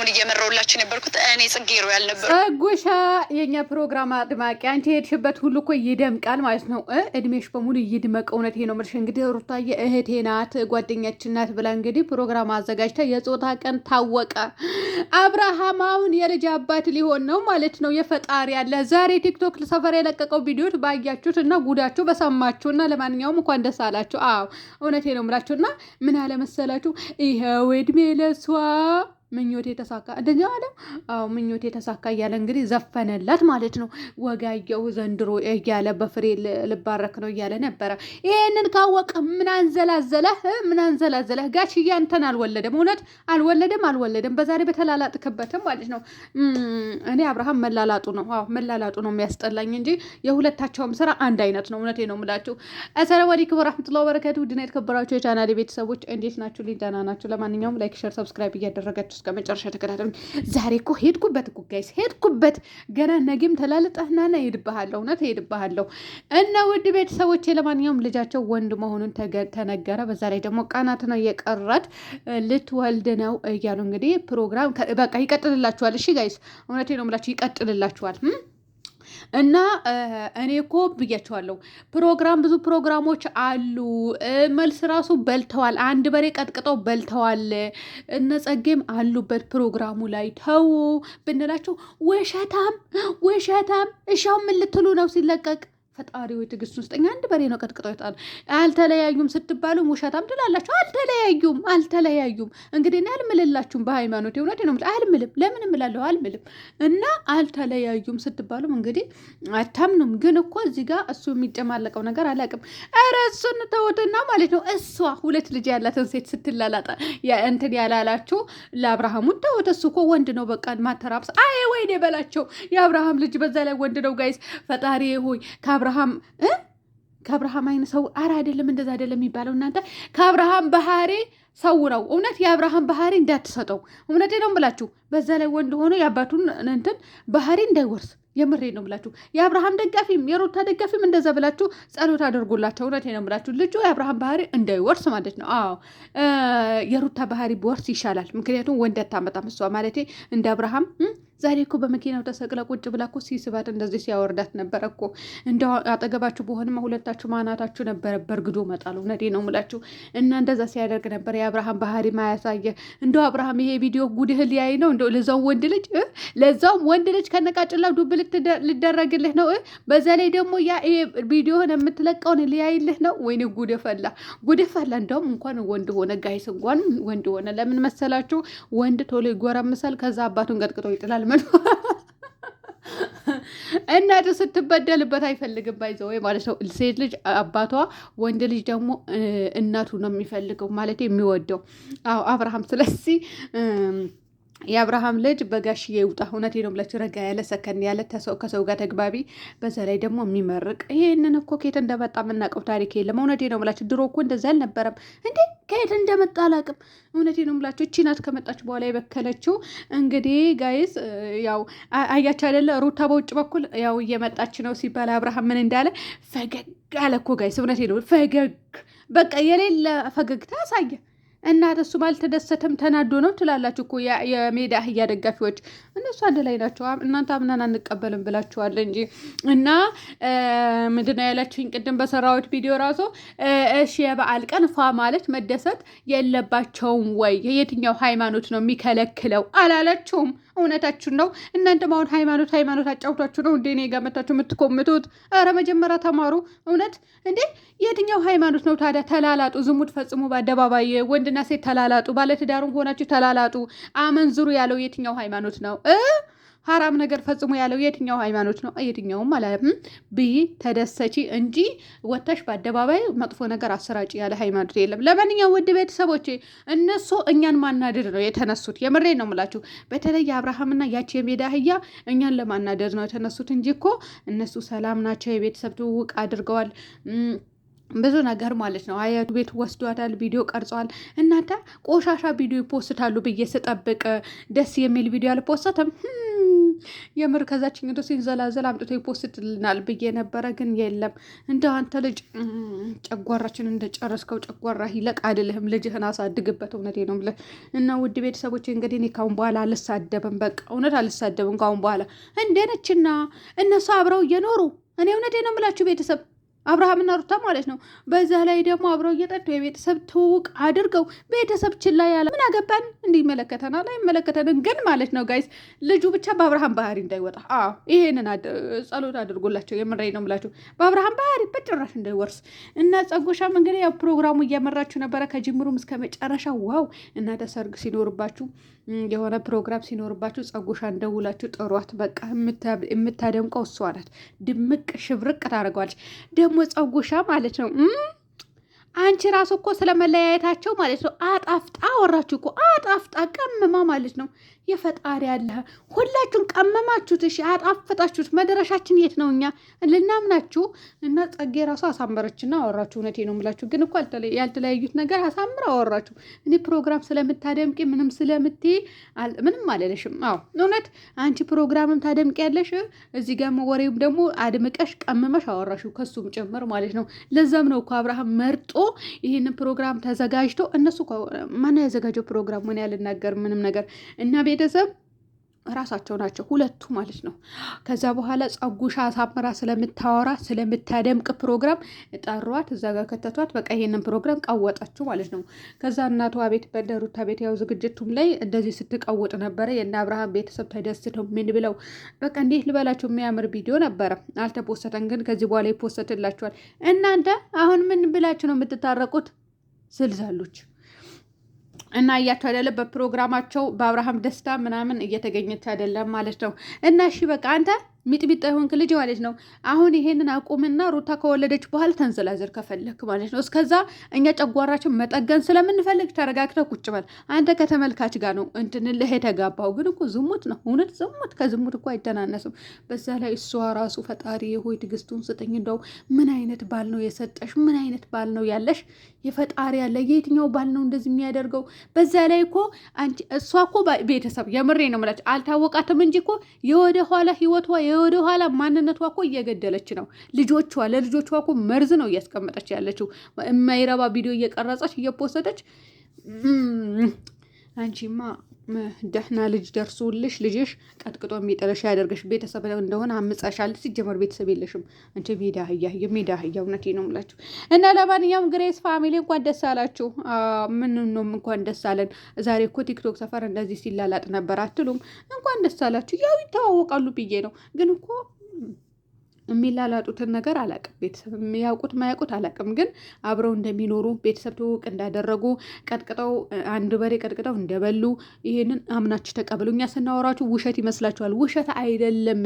ፕሮግራሙን እየመራውላችሁ የነበርኩት እኔ ጽጌ ሮያል ነበር። ጉሻ የእኛ ፕሮግራም አድማቂ፣ አንቺ የሄድሽበት ሁሉ እኮ ይደምቃል ማለት ነው። እድሜሽ በሙሉ ይድመቅ። እውነቴ ነው የምልሽ። እንግዲህ ሩታዬ እህቴ ናት፣ ጓደኛችን ናት ብላ እንግዲህ ፕሮግራም አዘጋጅታ የጾታ ቀን ታወቀ። አብርሃም አሁን የልጅ አባት ሊሆን ነው ማለት ነው። የፈጣሪ ያለ ዛሬ ቲክቶክ ሰፈር የለቀቀው ቪዲዮት ባያችሁት እና ጉዳችሁ በሰማችሁ እና ለማንኛውም እንኳን ደስ አላችሁ። አዎ እውነቴ ነው የምላችሁ እና ምን አለመሰላችሁ ይኸው እድሜ ለሷ ምኞቴ ተሳካ እንደኛ አለ። አዎ ምኞቴ ተሳካ እያለ እንግዲህ ዘፈነላት ማለት ነው። ወጋየው ዘንድሮ እያለ በፍሬ ልባረክ ነው እያለ ነበረ። ይሄንን ካወቀ ምን አንዘላዘለህ? ምን አንዘላዘለህ? ጋሽዬ አንተን አልወለደም፣ እውነት አልወለደም፣ አልወለደም። በዛሬ በተላላጥክበትም ማለት ነው። እኔ አብርሃም መላላጡ ነው፣ አዎ መላላጡ ነው የሚያስጠላኝ እንጂ የሁለታቸውም ስራ አንድ አይነት ነው። እውነቴ ነው የምላችሁ። አሰላሙ አለይኩም ወራህመቱላሂ ወበረካቱ። ድና የተከበራችሁ የቻናሌ ቤተሰቦች እንዴት ናችሁ? ሊዳና ናችሁ። ለማንኛውም ላይክ፣ ሸር፣ ሰብስክራይብ እያደረጋችሁ እስከ መጨረሻ ተከታተሉ። ዛሬ እኮ ሄድኩበት እኮ ጋይስ፣ ሄድኩበት ገና ነጌም ተላልጠህና ና ሄድብሃለሁ፣ እውነት ሄድብሃለሁ። እና ውድ ቤተሰቦቼ ለማንኛውም ልጃቸው ወንድ መሆኑን ተነገረ። በዛ ላይ ደግሞ ቀናት ነው የቀራት፣ ልትወልድ ነው እያሉ እንግዲህ ፕሮግራም በቃ ይቀጥልላችኋል። እሺ ጋይስ፣ እውነቴ ነው የምላችሁ ይቀጥልላችኋል። እና እኔ እኮ ብያቸዋለሁ ፕሮግራም ብዙ ፕሮግራሞች አሉ። መልስ ራሱ በልተዋል። አንድ በሬ ቀጥቅጠው በልተዋል። እነ ጸጌም አሉበት ፕሮግራሙ ላይ ተው ብንላቸው ውሸታም ውሸታም እሻው ምን ልትሉ ነው ሲለቀቅ ፈጣሪ ወይ ትዕግስት ውስጠኛ አንድ በሬ ነው ቀጥቅጦ ይጣል። አልተለያዩም ስትባሉም ውሸታም ትላላችሁ። አልተለያዩም አልተለያዩም። እንግዲህ እኔ አልምልላችሁም በሃይማኖት የሆነት ነው አልምልም። ለምን እምላለሁ? አልምልም እና አልተለያዩም ስትባሉም እንግዲህ አታምኑም። ግን እኮ እዚህ ጋር እሱ የሚጨማለቀው ነገር አላውቅም። ኧረ እሱን ተውትና ማለት ነው እሷ ሁለት ልጅ ያላትን ሴት ስትላላጠ እንትን ያላላችሁ ለአብርሃሙን ተውት። እሱ እኮ ወንድ ነው በቃ ማተራብስ አይ ወይኔ በላቸው የአብርሃም ልጅ በዛ ላይ ወንድ ነው ጋይስ። ፈጣሪ ሆይ ከአብርሃም ከአብርሃም ከአብርሃም አይነ ሰው አረ አይደለም፣ እንደዛ አይደለም የሚባለው እናንተ። ከአብርሃም ባህሪ ሰው ነው እውነት። የአብርሃም ባህሪ እንዳትሰጠው እውነቴ ነው ብላችሁ። በዛ ላይ ወንድ ሆኖ የአባቱን እንትን ባህሪ እንዳይወርስ የምሬ ነው ብላችሁ የአብርሃም ደጋፊም የሩታ ደጋፊም እንደዛ ብላችሁ ጸሎት አድርጎላቸው። እውነቴ ነው ብላችሁ ልጁ የአብርሃም ባህሪ እንዳይወርስ ማለት ነው። አዎ የሩታ ባህሪ ቢወርስ ይሻላል። ምክንያቱም ወንድ አታመጣም እሷ ማለቴ እንደ አብርሃም ዛሬ እኮ በመኪናው ተሰቅላ ቁጭ ብላ እኮ ሲስባት እንደዚህ ሲያወርዳት ነበረ እኮ። እንደ አጠገባችሁ በሆንማ ሁለታችሁ ማናታችሁ ነበረ በእርግዶ መጣል። እውነቴን ነው የምላችሁ እና እንደዛ ሲያደርግ ነበር። የአብርሃም ባህሪ ማያሳየ እንደው አብርሃም ይሄ ቪዲዮ ጉድህ ሊያይ ነው እንደው ለዛውም ወንድ ልጅ ለዛውም ወንድ ልጅ ከነቃጭላው ዱብ ልደረግልህ ነው። በዛ ላይ ደግሞ ያ ቪዲዮህን የምትለቀውን ሊያይልህ ነው። ወይኔ ጉድ ፈላ ጉድ ፈላ። እንደውም እንኳን ወንድ ሆነ ጋይስ፣ እንኳን ወንድ ሆነ። ለምን መሰላችሁ? ወንድ ቶሎ ይጎረምሳል፣ ከዛ አባቱን ቀጥቅጦ ይጥላል። ለምን እናቱ ስትበደልበት አይፈልግም። ባይዘ ወይ ማለት ነው። ሴት ልጅ አባቷ፣ ወንድ ልጅ ደግሞ እናቱ ነው የሚፈልገው ማለት የሚወደው። አዎ አብርሃም። ስለዚህ የአብርሃም ልጅ በጋሽ የውጣ። እውነት ነው ብላችሁ ረጋ ያለ ሰከን ያለ ከሰው ጋር ተግባቢ፣ በዛ ላይ ደግሞ የሚመርቅ ይሄንን እኮ ኬት እንደመጣ የምናውቀው ታሪክ የለም። እውነት ነው ብላችሁ ድሮ እኮ እንደዚ አልነበረም እንዴ ከየት እንደመጣ አላውቅም። እውነቴ ነው የምላቸው እቺ ናት ከመጣች በኋላ የበከለችው። እንግዲህ ጋይስ ያው አያች አይደለ ሩታ በውጭ በኩል ያው እየመጣች ነው ሲባል አብርሃም ምን እንዳለ ፈገግ አለ እኮ ጋይስ። እውነቴ ነው ፈገግ፣ በቃ የሌለ ፈገግታ አሳየ። እና እሱ ባልተደሰተም ተናዶ ነው ትላላችሁ እኮ የሜዳ አህያ ደጋፊዎች። እነሱ አንድ ላይ ናቸው። እናንተ አምናን አንቀበልም ብላችኋል እንጂ እና ምንድነው ያላችሁኝ ቅድም በሰራሁት ቪዲዮ ራሱ እሺ፣ የበዓል ቀን ፏ ማለት መደሰት የለባቸውም ወይ? የየትኛው ሃይማኖት ነው የሚከለክለው አላላችሁም? እውነታችሁን ነው። እናንተም አሁን ሃይማኖት ሃይማኖት አጫውቷችሁ ነው እንዴ እኔ ጋር መታችሁ የምትኮምቱት? ኧረ መጀመሪያ ተማሩ። እውነት እንዴ የትኛው ሃይማኖት ነው ታዲያ? ተላላጡ፣ ዝሙት ፈጽሙ በአደባባይ ወንድ ወንድና ሴት ተላላጡ፣ ባለትዳሩም ሆናችሁ ተላላጡ። አመንዝሩ ያለው የትኛው ሃይማኖት ነው? ሀራም ነገር ፈጽሞ ያለው የትኛው ሃይማኖት ነው? የትኛውም ማለት ብ ተደሰቺ እንጂ ወታሽ በአደባባይ መጥፎ ነገር አሰራጭ ያለ ሃይማኖት የለም። ለማንኛውም ውድ ቤተሰቦቼ እነሱ እኛን ማናደድ ነው የተነሱት። የምሬ ነው ምላችሁ በተለይ የአብርሃምና ያቺ የሜዳ አህያ እኛን ለማናደድ ነው የተነሱት እንጂ እኮ እነሱ ሰላም ናቸው። የቤተሰብ ትውውቅ አድርገዋል። ብዙ ነገር ማለት ነው። አያቱ ቤት ወስዷታል፣ ቪዲዮ ቀርጿል። እናንተ ቆሻሻ ቪዲዮ ይፖስታሉ ብዬ ስጠብቅ ደስ የሚል ቪዲዮ አልፖስትም hm። የምር ከዛችኝ ሲንዘላዘል አምጥቶ ይፖስትልናል ብዬ ነበረ፣ ግን የለም። እንደ አንተ ልጅ ጨጓራችን ጨረስከው ጨጓራ ይለቅ አይደለህም፣ ልጅህን አሳድግበት። እውነቴ ነው ብለህ እና ውድ ቤተሰቦች እንግዲህ እኔ ካሁን በኋላ አልሳደብም፣ በቃ እውነት አልሳደብም ካሁን በኋላ እንዴነችና እነሱ አብረው እየኖሩ እኔ እውነቴ ነው የምላችሁ ቤተሰብ አብርሃምና ሩታ ማለት ነው። በዛ ላይ ደግሞ አብረው እየጠጡ የቤተሰብ ትውውቅ አድርገው ቤተሰብ ችላ ያለ ምን አገባን እንዲመለከተናል አይመለከተንም። ግን ማለት ነው ጋይስ ልጁ ብቻ በአብርሃም ባህሪ እንዳይወጣ፣ አዎ ይሄንን ጸሎት አድርጎላቸው። የምንራይ ነው ምላቸው በአብርሃም ባህሪ በጭራሽ እንዳይወርስ እና ጸጎሻም እንግዲህ ያው ፕሮግራሙ እያመራችሁ ነበረ ከጅምሩም እስከ መጨረሻ። ዋው እናንተ ሰርግ ሲኖርባችሁ የሆነ ፕሮግራም ሲኖርባችሁ ጸጎሻ እንደውላችሁ ጥሯት። በቃ የምታደምቀው እሷ ናት። ድምቅ ሽብርቅ ታደርገዋለች። ደግሞ ፀጉሻ ማለት ነው አንቺ ራሱ እኮ ስለመለያየታቸው ማለት ነው አጣፍጣ አወራችሁ እኮ አጣፍጣ ቀመማ ማለት ነው። የፈጣሪ አለ ሁላችሁን ቀመማችሁት። እሺ አጣፈጣችሁት። መድረሻችን የት ነው? እኛ ልናምናችሁ እና ጸጌ ራሱ አሳመረችና አወራችሁ። እውነቴ ነው የምላችሁ፣ ግን እኮ ያልተለያዩት ነገር አሳምር አወራችሁ። እኔ ፕሮግራም ስለምታደምቂ ምንም ስለምትይ ምንም አለለሽም። አዎ እውነት አንቺ ፕሮግራምም ታደምቂ ያለሽ እዚህ ጋር ወሬም ደግሞ አድምቀሽ ቀመመሽ አወራሽ ከሱም ጭምር ማለት ነው። ለዛም ነው እኮ አብርሃም መርጦ ይህንን ፕሮግራም ተዘጋጅቶ እነሱ ማን ያዘጋጀው ፕሮግራም ሆነ ያልናገር ምንም ነገር እና ቤተሰብ ራሳቸው ናቸው ሁለቱ ማለት ነው። ከዛ በኋላ ጸጉሻ አሳምራ ስለምታወራ ስለምታደምቅ ፕሮግራም ጠሯት፣ እዛ ጋር ከተቷት። በቃ ይሄንን ፕሮግራም ቀወጠችው ማለት ነው። ከዛ እናቷ ቤት በደሩታ ቤት ያው ዝግጅቱም ላይ እንደዚህ ስትቀውጥ ነበረ። የእነ አብርሃም ቤተሰብ ተደስተው ምን ብለው በቃ እንዴት ልበላቸው የሚያምር ቪዲዮ ነበረ። አልተፖሰተን ግን ከዚህ በኋላ ይፖሰትላቸዋል። እናንተ አሁን ምን ብላችሁ ነው የምትታረቁት? ስልሳሉች እና እያቸው አይደለም በፕሮግራማቸው በአብርሃም ደስታ ምናምን እየተገኘች አይደለም ማለት ነው። እና እሺ በቃ አንተ ሚጥሚጣ የሆንክ ልጅ ማለት ነው። አሁን ይሄንን አቁምና ሩታ ከወለደች በኋላ ተንዘላዘር ከፈለክ ማለት ነው። እስከዛ እኛ ጨጓራችን መጠገን ስለምንፈልግ ተረጋግተ ቁጭ በል። አንተ ከተመልካች ጋር ነው እንትን እንትንልህ የተጋባው፣ ግን እኮ ዝሙት ነው እውነት ዝሙት። ከዝሙት እኮ አይተናነስም። በዛ ላይ እሷ ራሱ ፈጣሪ ሆይ ትግስቱን ስጠኝ። እንደው ምን አይነት ባል ነው የሰጠሽ? ምን አይነት ባል ነው ያለሽ? የፈጣሪ ያለ የትኛው ባል ነው እንደዚህ የሚያደርገው? በዛ ላይ እኮ አንቺ እሷ እኮ ቤተሰብ የምሬ ነው የምላቸው አልታወቃትም እንጂ እኮ የወደ ኋላ ህይወቷ ኋላ ማንነቷ እኮ እየገደለች ነው። ልጆቿ ለልጆቿ እኮ መርዝ ነው እያስቀመጠች ያለችው። የማይረባ ቪዲዮ እየቀረጸች እየፖሰደች አንቺማ ደህና ልጅ ደርሶልሽ ልጅሽ ቀጥቅጦ የሚጠለሽ ያደርገሽ ቤተሰብ እንደሆነ አምጻሻል። ሲጀመር ቤተሰብ የለሽም አንቺ ሜዳ አህያ፣ የሜዳ አህያ። እውነቴን ነው የምላችሁ። እና ለማንኛውም ግሬስ ፋሚሊ እንኳን ደስ አላችሁ። ምን ነው እንኳን ደስ አለን። ዛሬ እኮ ቲክቶክ ሰፈር እንደዚህ ሲላላጥ ነበር አትሉም? እንኳን ደስ አላችሁ። ያው ይተዋወቃሉ ብዬ ነው ግን እኮ የሚላላጡትን ነገር አላቅም። ቤተሰብ የሚያውቁት ማያውቁት አላቅም፣ ግን አብረው እንደሚኖሩ ቤተሰብ ትውውቅ እንዳደረጉ ቀጥቅጠው አንድ በሬ ቀጥቅጠው እንደበሉ ይሄንን አምናችሁ ተቀበሉ። እኛ ስናወራችሁ ውሸት ይመስላችኋል። ውሸት አይደለም፣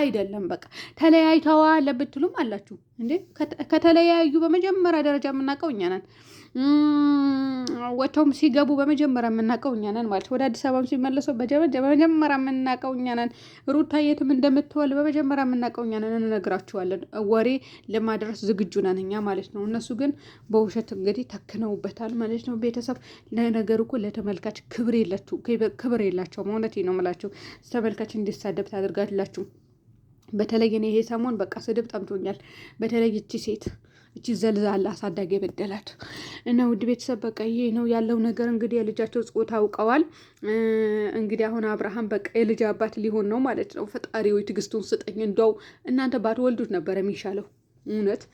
አይደለም። በቃ ተለያይተዋ ለምትሉም አላችሁ እንዴ ከተለያዩ በመጀመሪያ ደረጃ የምናውቀው እኛ ነን። ወጥተውም ሲገቡ በመጀመሪያ የምናውቀው እኛ ነን ማለት ወደ አዲስ አበባም ሲመለሱ በመጀመሪያ የምናውቀው እኛ ነን። ሩታ የትም እንደምትወል በመጀመሪያ የምናውቀው እኛ ነን። እንነግራችኋለን። ወሬ ለማድረስ ዝግጁ ነን እኛ ማለት ነው። እነሱ ግን በውሸት እንግዲህ ተክነውበታል ማለት ነው። ቤተሰብ ለነገሩ እኮ ለተመልካች ክብር የላቸው። ክብር ነው የምላቸው። ተመልካች እንዲሳደብ ታደርጋላችሁ። በተለይ እኔ ይሄ ሰሞን በቃ ስድብ ጠምቶኛል። በተለይ እቺ ሴት እቺ ዘልዛላ አሳዳጊ የበደላት እና ውድ ቤተሰብ በቃ ይሄ ነው ያለው ነገር። እንግዲህ የልጃቸው ጾታ አውቀዋል። እንግዲህ አሁን አብርሃም በቃ የልጅ አባት ሊሆን ነው ማለት ነው። ፈጣሪ ወይ ስጠኝ። እንደው እናንተ ባትወልዱት ነበር የሚሻለው እውነት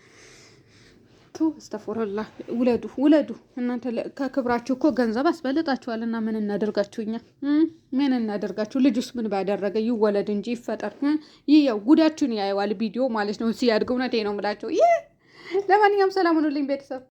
ቱ እስተፎረላ ውለዱ ውለዱ። እናንተ ከክብራችሁ እኮ ገንዘብ አስበልጣችኋል። እና ምን እናደርጋችሁ እኛ ምን እናደርጋችሁ? ልጁስ ምን ባደረገ? ይወለድ እንጂ ይፈጠር። ይህ ያው ጉዳችሁን ያየዋል ቪዲዮ ማለት ነው ሲያድግ። እውነቴ ነው የምላቸው። ይህ ለማንኛውም ሰላም ሁኑልኝ ቤተሰብ።